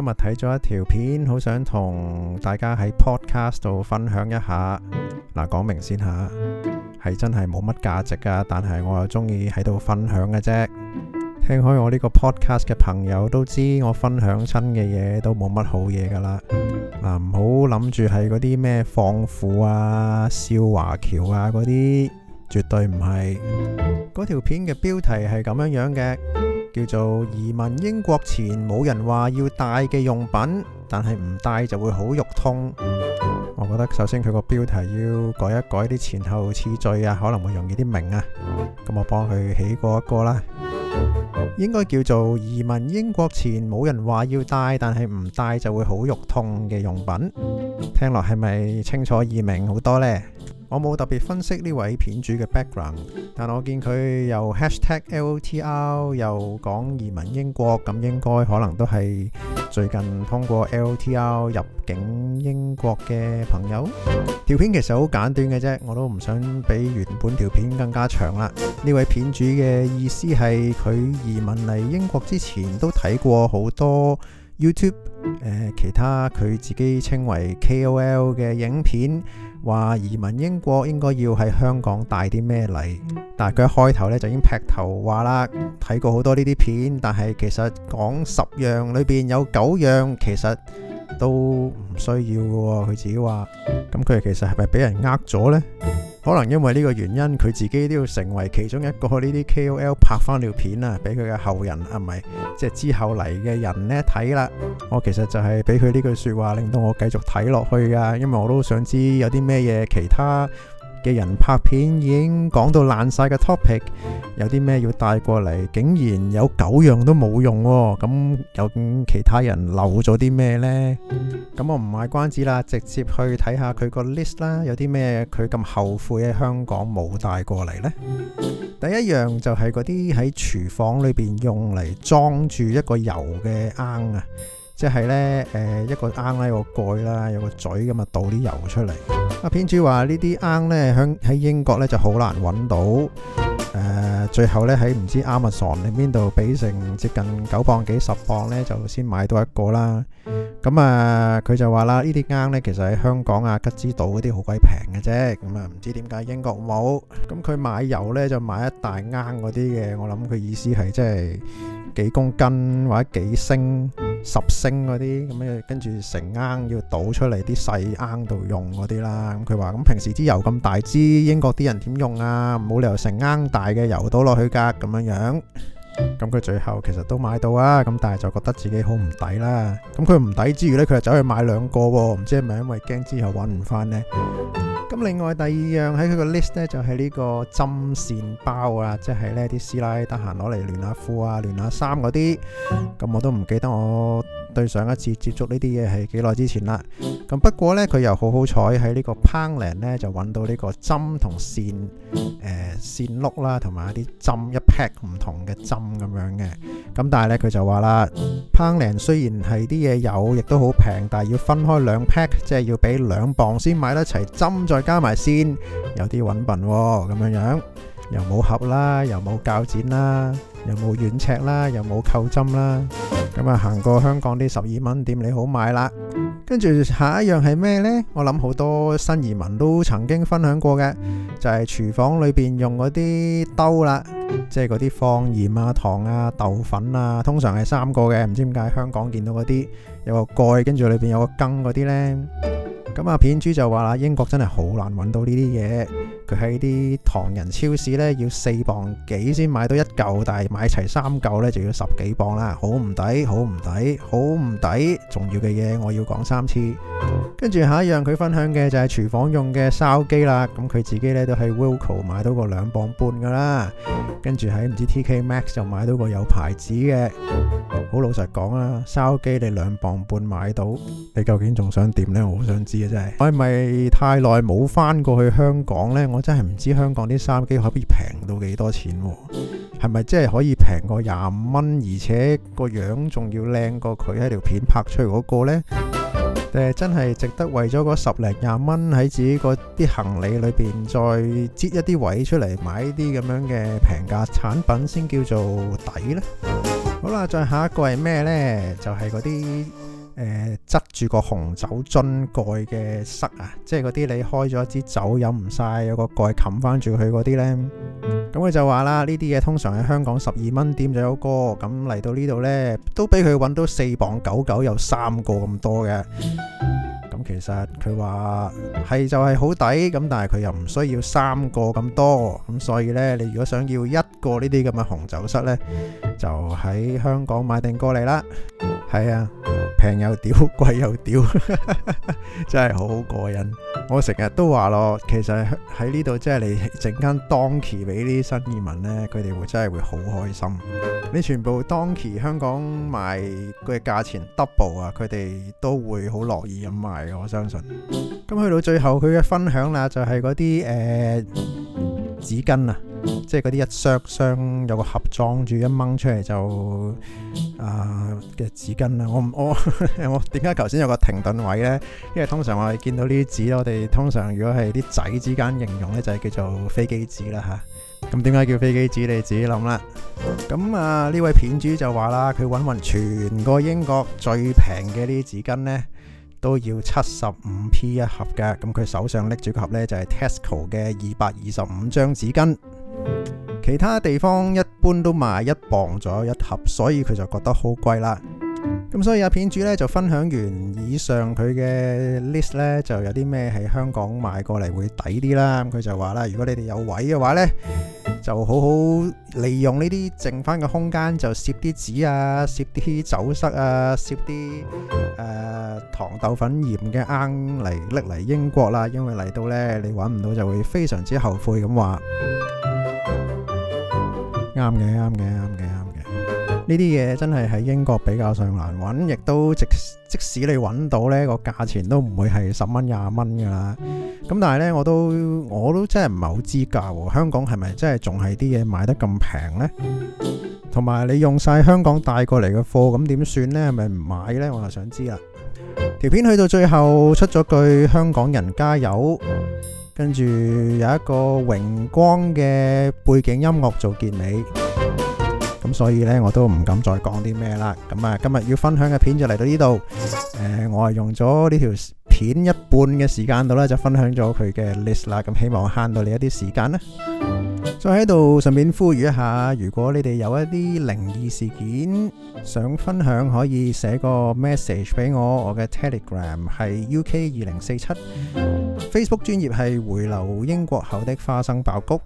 今日睇咗一條片，好想同大家喺 podcast 度分享一下。嗱，講明先吓，係真係冇乜價值噶，但係我又中意喺度分享嘅啫。聽開我呢個 podcast 嘅朋友都知，我分享親嘅嘢，都冇乜好嘢噶啦。嗱，唔好諗住係嗰啲咩放虎啊、燒華僑啊嗰啲、啊，絕對唔係。嗰條片嘅標題係咁樣樣嘅。叫做移民英國前冇人話要帶嘅用品，但係唔帶就會好肉痛。 我覺得首先佢個標題要改一改啲前後次序啊，可能會容易啲明啊。咁我幫佢起過一個啦，應該叫做移民英國前冇人話要帶，但係唔帶就會好肉痛嘅用品。聽落係咪清楚易明好多呢？我冇特別分析呢位片主嘅 background，但我見佢又 hashtag L O T R 又講移民英國，咁應該可能都係最近通過 L O T R 入境英國嘅朋友。條片其實好簡短嘅啫，我都唔想比原本條片更加長啦。呢位片主嘅意思係佢移民嚟英國之前都睇過好多。YouTube 誒，其他佢自己稱為 KOL 嘅影片，話移民英國應該要喺香港帶啲咩嚟？但係佢一開頭呢就已經劈頭話啦，睇過好多呢啲片，但係其實講十樣裏邊有九樣其實都唔需要嘅。佢自己話，咁佢其實係咪俾人呃咗呢？可能因為呢個原因，佢自己都要成為其中一個呢啲 KOL 拍翻條片啊，俾佢嘅後人啊，唔係即係之後嚟嘅人呢，睇啦。我其實就係俾佢呢句說話，令到我繼續睇落去噶，因為我都想知有啲咩嘢其他。嘅人拍片已經講到爛曬嘅 topic，有啲咩要帶過嚟？竟然有九樣都冇用喎！咁有其他人漏咗啲咩呢？咁我唔買關子啦，直接去睇下佢個 list 啦，有啲咩佢咁後悔喺香港冇帶過嚟呢？第一樣就係嗰啲喺廚房裏邊用嚟裝住一個油嘅罌啊，即係呢誒一個罌咧有個蓋啦，有個嘴咁啊倒啲油出嚟。啊！編主話呢啲罌咧，響喺英國咧就好難揾到。誒，最後咧喺唔知 Amazon 定邊度俾成接近九磅幾十磅咧，就先買到一個啦。咁啊，佢就話啦，呢啲罌咧，其實喺香港啊吉之島嗰啲好鬼平嘅啫。咁啊，唔知點解英國冇。咁佢買油咧就買一大罌嗰啲嘅。我諗佢意思係即係幾公斤或者幾升。十升嗰啲咁嘅，跟住成罌要倒出嚟啲細罌度用嗰啲啦。咁佢話：咁、嗯、平時啲油咁大支，英國啲人點用啊？冇理由成罌大嘅油倒落去㗎，咁樣樣。咁、嗯、佢最後其實都買到啊。咁但係就覺得自己好唔抵啦。咁佢唔抵之餘呢，佢就走去買兩個喎。唔知係咪因為驚之後揾唔翻呢？另外第二樣喺佢個 list 呢，就係、是、呢個針線包啊，即係呢啲師奶得閒攞嚟聯下褲啊、聯下衫嗰啲，咁、 嗯、我都唔記得我對上一次接觸呢啲嘢係幾耐之前啦，咁不過呢，佢又好好彩喺呢個烹零呢，就揾到呢個針同線誒、呃、線碌啦，同埋一啲針一 pack 唔同嘅針咁樣嘅，咁但係呢，佢就話啦，烹、嗯、零雖然係啲嘢有，亦都好平，但係要分開兩 pack，即係要俾兩磅先買得齊針再加埋線，有啲揾笨喎咁樣樣，又冇盒啦，又冇鉸剪啦。又冇軟尺啦，又冇扣針啦，咁啊行過香港啲十二蚊店，你好買啦。跟住，下一樣係咩呢？我諗好多新移民都曾經分享過嘅，就係廚房裏邊用嗰啲兜啦，即係嗰啲放鹽啊、糖啊、豆粉啊，通常係三個嘅。唔知點解香港見到嗰啲有個蓋，跟住裏邊有個羹嗰啲呢。咁啊片豬就話啦，英國真係好難搵到呢啲嘢。佢喺啲唐人超市咧，要四磅幾先買到一嚿，但係買齊三嚿咧，就要十幾磅啦，好唔抵，好唔抵，好唔抵。重要嘅嘢我要講三次。跟住下一樣佢分享嘅就係廚房用嘅燒雞啦，咁佢自己咧都喺 Wilko 買到個兩磅半噶啦，跟住喺唔知 TK Max 就買到個有牌子嘅好老實講啦，燒雞你兩磅半買到，你究竟仲想點咧？我好想知啊，真係。我係咪太耐冇翻過去香港咧？我我真係唔知香港啲三機可唔可以平到幾多錢喎、啊？係咪真係可以平過廿五蚊，而且個樣仲要靚過佢喺條片拍出嚟嗰個咧？定係真係值得為咗嗰十零廿蚊喺自己嗰啲行李裏邊再擠一啲位出嚟買啲咁樣嘅平價產品先叫做抵呢？好啦，再下一個係咩呢？就係嗰啲。誒，側、呃、住個紅酒樽蓋嘅塞啊，即係嗰啲你開咗一支酒飲唔晒，有個蓋冚翻住佢嗰啲呢。咁佢就話啦，呢啲嘢通常喺香港十二蚊店就有個，咁嚟到呢度呢，都俾佢揾到四磅九九有三個咁多嘅。咁其實佢話係就係好抵，咁但係佢又唔需要三個咁多，咁所以呢，你如果想要一個呢啲咁嘅紅酒塞呢，就喺香港買定過嚟啦。係啊，平又屌，貴又屌， 真係好過癮。我成日都話咯，其實喺呢度即係你，整間當期俾啲新移民呢，佢哋會真係會好開心。你全部當期香港賣嘅價錢 double 啊，佢哋都會好樂意咁賣嘅。我相信。咁去到最後佢嘅分享啦，就係嗰啲誒紙巾啊。即係嗰啲一箱箱有個盒裝住一掹出嚟就啊嘅紙巾啦。我唔我 我點解頭先有個停頓位呢？因為通常我哋見到呢啲紙，我哋通常如果係啲仔之間形容呢，就係、是、叫做飛機紙啦吓。咁點解叫飛機紙？你自己諗啦。咁啊呢位片主就話啦，佢揾勻全個英國最平嘅呢啲紙巾呢，都要七十五 p 一盒嘅。咁佢手上拎住盒呢，就係、是、Tesco 嘅二百二十五張紙巾。其他地方一般都賣一磅左右一盒，所以佢就覺得好貴啦。咁所以阿片主咧就分享完以上佢嘅 list 咧，就有啲咩喺香港買過嚟會抵啲啦。咁佢就話啦，如果你哋有位嘅話咧，就好好利用呢啲剩翻嘅空間，就攝啲紙啊，攝啲酒塞啊，攝啲誒糖豆粉鹽嘅罌嚟拎嚟英國啦。因為嚟到咧你揾唔到，就會非常之後悔咁話。啱嘅，啱嘅，啱嘅，啱嘅。呢啲嘢真係喺英國比較上難揾，亦都即即使你揾到呢，個價錢都唔會係十蚊廿蚊㗎啦。咁但係呢，我都我都真係唔係好知價喎。香港係咪真係仲係啲嘢買得咁平呢？同埋你用曬香港帶過嚟嘅貨，咁點算呢？係咪唔買呢？我就想知啦。條片去到最後出咗句：香港人加油！跟住有一個榮光嘅背景音樂做結尾，咁所以呢我都唔敢再講啲咩啦。咁啊，今日要分享嘅片就嚟到呢度。誒，我係用咗呢條片一半嘅時間度呢，就分享咗佢嘅 list 啦。咁希望慳到你一啲時間啦。再喺度順便呼籲一下，如果你哋有一啲靈異事件想分享，可以寫個 message 俾我，我嘅 Telegram 係 UK2047。Facebook 專業係回流英國後的花生爆谷。